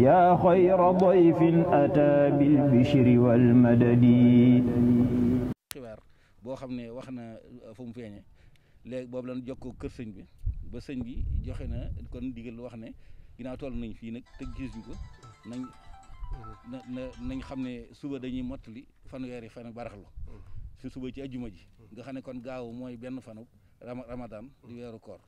yaa xayra dayfin ataa bil bishri wal madadi xibaar boo xam ne wax na uh, fu mu feeñe léegi boobu la lan ko kër sëñ bi ba sëñ bi joxe na kon digal wax ne ginnaaw toll nañ fii nag te gisuñ ko nañ na nañ xam ne suba dañuy mottali fanweeri fan ak baraxlu mm. si suba ci ajjuma ji nga xam ne kon gaaw mooy benn fanu ramadan di weeru koor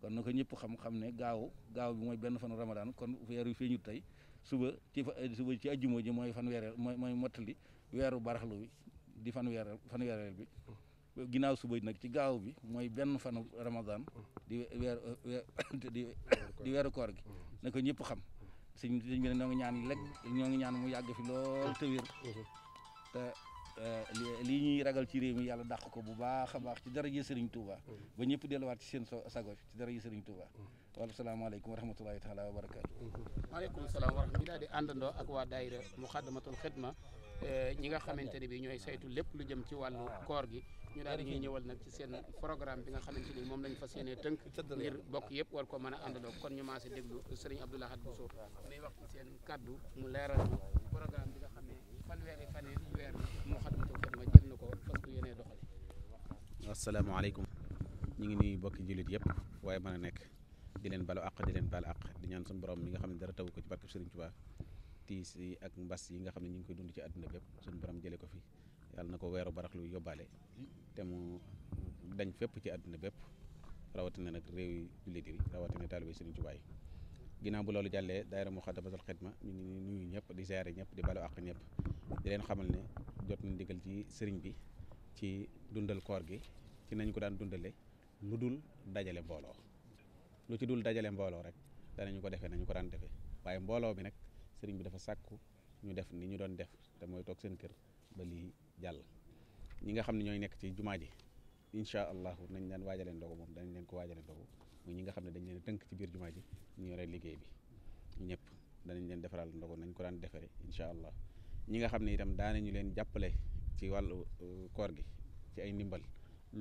kon na ko ñëpp xam-xam ne gaaw gaaw bi mooy benn fan ramadan kon weer wi feeñut tey suba ci suba ci ajjuma ji mooy fan weereel mooy mooy mottali weeru baraxlu bi di fan weereel fan weereel bi ginnaaw suba nag ci gaaw bi mooy benn fanu ramadan di weer di weeru koor gi na ko ñëpp xam sëñ bi ne ñoo ngi ñaan lekk ñoo ngi ñaan mu yàgg fi lool te wér mm-hmm. Euh, lii ñuy ragal ci réew mi yàlla dàq ko bu baax a baax ci dara ji sëriñ Touba. Mm. ba ñëpp delluwaat ci seen sago ci dara ji sëriñ Touba. Mm. wala salaamaaleykum wa rahmatulahi taala wa barakaatu. maaleykum mm-hmm. salaam wa rahmatulah di àndandoo ak waa daayira Muxaddamatul Xidma eh, ñi nga xamante ne bii ñooy saytu lépp lu jëm ci wàllu koor gi. ñu daal di ñuy ñëwal nag ci seen programme bi nga xamante ni moom lañ fas yéenee tënk ngir bokk yëpp war ko mën a àndaloo kon ñu maase déglu sëriñ Abdou Lahad Bousso muy wax seen kàddu mu leeral nga xam ma jël na ko fas ku yéenee doxale asalaamaaleykum ñu ngi nuyu bokki jullit yëpp waaye mën a nekk di leen balu àq di leen baal àq di ñaan suñu borom mi nga xam ne dara taw ko ci barke Sëriñ Tuubaa tiis yi ak mbas yi nga xam ne ñu ngi koy dund ci àdduna bépp suñu borom jële ko fi yàlla na ko weeru barax lu yóbbaale te mu dañ fépp ci àdduna bépp rawatina nag réew yi jullit yi rawatina taalibe Sëriñ Tuubaa yi ginnaaw bu loolu jàllee daayira Muxaddamatul Xidma ñu ngi nuyu ñëpp di ziare ñëpp di balu àq ñëpp di leen xamal ne jot na ndigal ci sëriñ bi ci dundal koor gi ci nañ ko daan dundale lu dul dajale mbooloo lu ci dul dajale mbooloo rek danañu ko defee nañu ko daan defee waaye mbooloo bi nag sëriñ bi dafa sàkku ñu def ni ñu doon def te toog seen kër jàll ñi nga xam ne ñooy nekk ci jumaa ji incha allahu nañ leen waajalee ndogu moom danañ leen ko waajale ndogu mooy ñi nga xam ne dañ leen tënk ci biir jumaa ji ñu liggéey bi ñëpp danañ leen defaral ndogu nañ ko daan defere incha allah ñi nga xam ne itam daanañu leen jàppale ci wàllu uh, koor gi ci ay ndimbal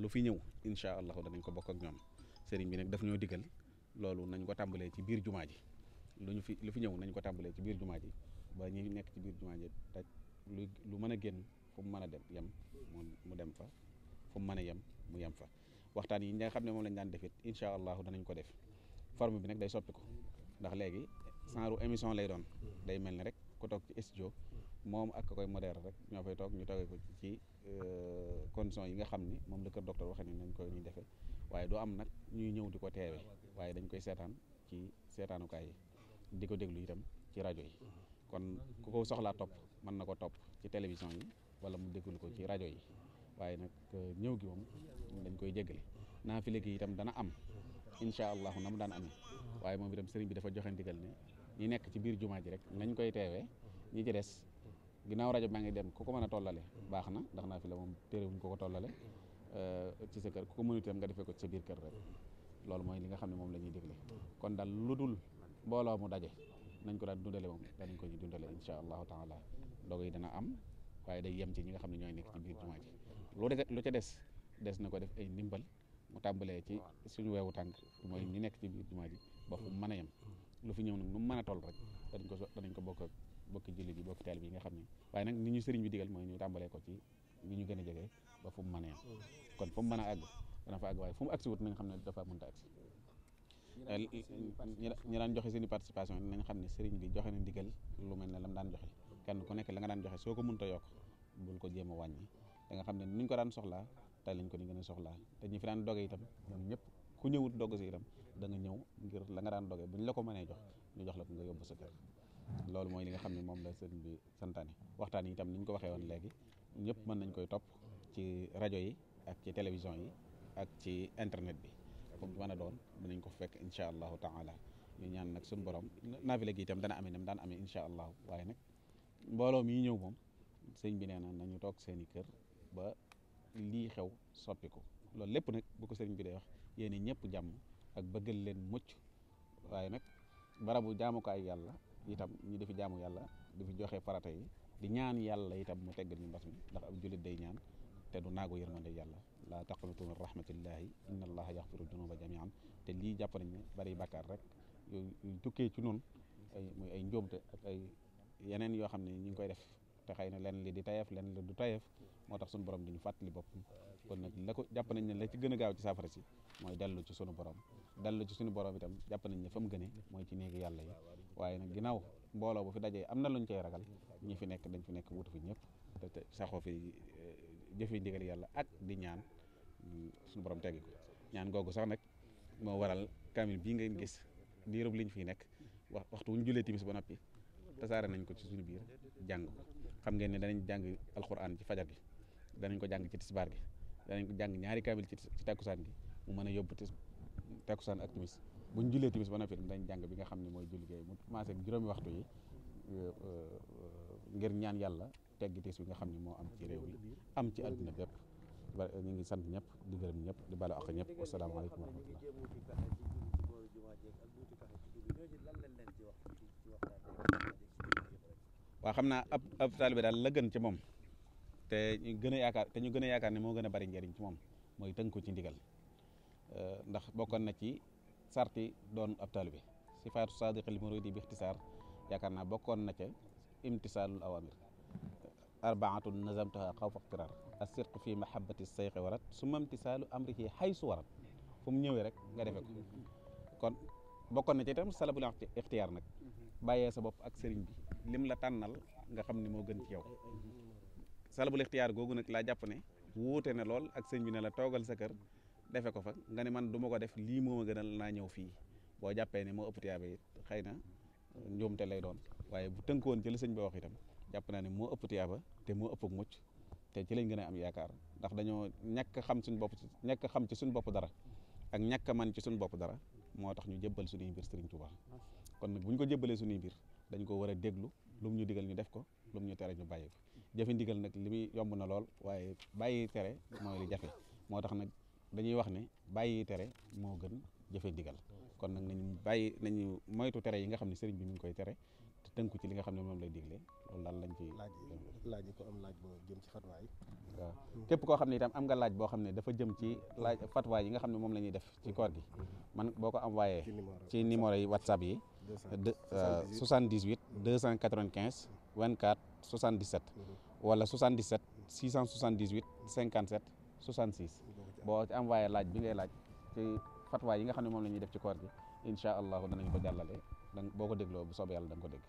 lu fi ñëw incha allahu danañ ko bokk ak ñoom sëriñ bi nag daf ñoo digal loolu nañ ko tàmbalee ci biir jumaa ji lu ñu fi lu fi ñëw nañ ko tàmbalee ci biir jumaa ji ba ñi nekk ci biir jumaa ji daj lu lu mën a génn fu mu mën a dem yem mu dem fa fu mu mën a yem mu yem fa waxtaan yi nga xam ne moom lañ daan defit incha allahu danañ ko def forme bi nag day soppi ko ndax léegi genre émission lay doon day mel ni rek ku toog ci studio moom ak koy modère rek ñoo fay toog ñu toogee ko ci euh, conditions yi nga xam ni moom la kër docteur waxee ni nañ koy nuy defee waaye doo am nag ñuy ñëw di ko teewee waaye dañ koy seetaan ci seetaanukaay yi di ko déglu itam ci rajo yi kon ku topp mën na ko topp ci télévision yi wala mu déglu ko ci rajo yi waaye nag euh, ñëw gi moom dañ koy naa naafile gi itam dana am incha allah na mu daan amee waaye moom itam sëriñ bi dafa joxe ndigal ne ñi nekk ci biir jumaa ji rek nañ koy teewee ñi ci des ginnaaw rajo baa ngi dem ku ko mën a tollale baax na ndax naa naafile moom téerewuñ ko ko tollale euh, ci sa kër ku ko mënut itam nga defee ko ci biir kër rek loolu mooy li nga xam ne moom la ñuy digle kon daal lu dul mbooloo mu daje nañ ko daan dundale moom danañ ko ñu dundale incha allahu taala doog yi dana am waaye day yem ci ñi nga xam ne ñooy nekk ci biir jumaa lu des lu ca des des na ko def ay ndimbal mu tàmbalee ci suñu weewu tànk mooy ñu nekk ci biir jumaa ji ba fu man a yem lu fi ñëw nag nu mu man a toll rek danañ ko danañ ko bokk ak bokki jullit yi bokki yi nga xam ne waaye nag ni ñu sëriñ bi digal mooy ñu tàmbalee ko ci ñu gën a jege ba fu mu mën kon fu mën a àgg dana fa àgg waaye fu mu agsi wut nañ xam ne dafa mënta agsi euh, ñi daan joxe seen i participation nañ xam ne sëriñ bi joxe na ndigal lu mel ne lam daan joxe kenn ku nekk la nga daan joxe soo ko mënta yokk bul ko jéem a wàññi da nga xam ne niñ ko daan soxlaa tey lañ ko ni gën soxlaa te ñi fi daan doge itam ñoom ñëpp ku ñëwut dogg si itam danga ñëw ngir la nga daan doge buñ la ko mënee jox ñu jox la ko nga yóbbu sa kër loolu mooy li nga xam ne moom la sëriñ bi santaane waxtaan yi itam niñ ko waxee woon léegi ñëpp mën nañ koy topp ci rajo yi ak ci télévision yi ak ci internet bi comme mën a doon dinañ ko fekk incha allahu taala ñu ñaan nag suñu borom naafila gi itam dana ame nam daan amee incha allahu waaye nag mbooloo mi ñëw moom sëñ bi nee na nañu toog seeni kër ba lii xew soppi ko loolu lépp nag bu ko sëriñ bi dee wax yéen ñëpp jàmm ak bëggal leen mucc waaye nag barabu jaamu ko ay yàlla itam ñu di fi yàlla di joxe farata di ñaan yàlla itam mu teggal ñu mbas mi ndax ab jullit day ñaan te du naagu yërmande yàlla laa taqnatu min rahmatillahi inna allaha yaxfiru dunuba jamian te lii jàpp nañ ne bari bàkkaar rek yu tukkee ci noonu ay muy ay njóomte ak ay yeneen yoo xam ne ñu ngi koy def te xëy na lenn li di tayeef lenn li du tayeef moo tax suñu borom di ñu fàttali boppam kon nag la ko jàpp nañ ne la ci gën a gaaw ci saafara si mooy dellu ci sunu borom dellu ci sunu borom itam jàpp nañ ne fa mu gënee mooy ci néegu yàlla yi waaye nag ginnaaw mbooloo bu fi dajee am na luñ cay ragal ñi fi nekk dañ fi nekk wutu fi ñëpp te saxoo fi eh, jëfe ndigal yàlla ak di ñaan suñu borom teggi ko ñaan googu sax nag moo waral kamil bii ngeen gis diirub liñ fi nekk wax waxtu wuñ julee timis ba noppi tasaare nañ ko ci suñu biir jàng xam ngeen ne danañ jàng alxuraan ci fajar gi danañ ko jàng ci tisbaar gi danañ ko jàng ñaari kaamil ci ci takkusaan gi mu mën a yóbbu tis takkusaan ak timis buñ jullee timis ba na film dañ jàng bi nga xam ne mooy julli gay mu commencé juróomi waxtu yi euh, euh, ngir ñaan yàlla teggi tiis bi nga xam ne moo am ci réew bi am ci àdduna bépp ñu ngi sant ñëpp di gërëm ñëpp di baalu ak ñëpp wasalaamaaleykum wa rahmatullah waa xam naa ab ab taalibe daal la gën ci moom te ñu gën a yaakaar te ñu gën a yaakaar ne moo gën a bari njëriñ ci moom mooy tënku ci ndigal ndax bokkoon na ci sarti doon ab taalibe sifaatu sadiqil muridi bi ixtisaar yaakaar naa bokkoon na ca imtisaalul awamir arbaatun nazamtaha xaw fa ixtiraar asirq fi mahabati sayxi warat summa imtisaalu amrihi xaysu warat fu mu ñëwee rek nga defe ko kon bokkoon na ci itam salabul ixtiyaar nag bàyyee sa bopp ak sëriñ bi lim la tànnal nga xam ni moo gën ci yow salabul ixtiyaar googu nag laa jàpp ne wuute ne lool ak sëñ bi ne la toogal sa kër defe ko fa nga ne man duma ko def lii moo ma gënal naa ñëw fii boo jàppee ne moo ëpp tiyaaba xëy na uh, njuumte lay doon waaye bu tënkoon ci li sëñ bi wax itam jàpp naa ne moo ëpp te moo ëpp mucc te ci lañ gën a am yaakaar ndax dañoo ñàkk xam suñ bopp ñàkk xam ci suñ bopp dara ak ñàkk man ci suñ bopp dara moo tax ñu jëbbal suñuy mbir sëriñ Tuubaa kon nag bu ñu ko jébbalee suñuy mbir dañ ko war a déglu lu ñu digal ñu def ko lu ñu tere ñu bàyyi ko jëfe ndigal nag li muy yomb na lool waaye bàyyi tere mooy li jafe moo tax nag dañuy wax ne bàyyi tere moo gën jëfe ndigal kon nag nañu bàyyi nañu moytu tere yi nga xam ne sëriñ bi mu ngi koy tere te tënku ci li nga xam ne moom lay digle loolu daal lañ ci laaj yi ko am laaj boo jëm ci fatwa yi waaw koo xam ne itam am nga laaj boo xam ne dafa jëm ci laaj fatwa yi nga xam ne moom la ñuy def ci koor gi mm-hmm. man boo ko envoyé ci numéro yi whatsapp yi 78 295 24 77 wala 77 678 57 66 boo ci envoyé laaj bi ngay laaj ci fatwa yi nga xam ne moom la ñuy def ci koor gi incha allahu danañ ko jàllale boo ko dégloo bu soobee yàlla da nga ko dégg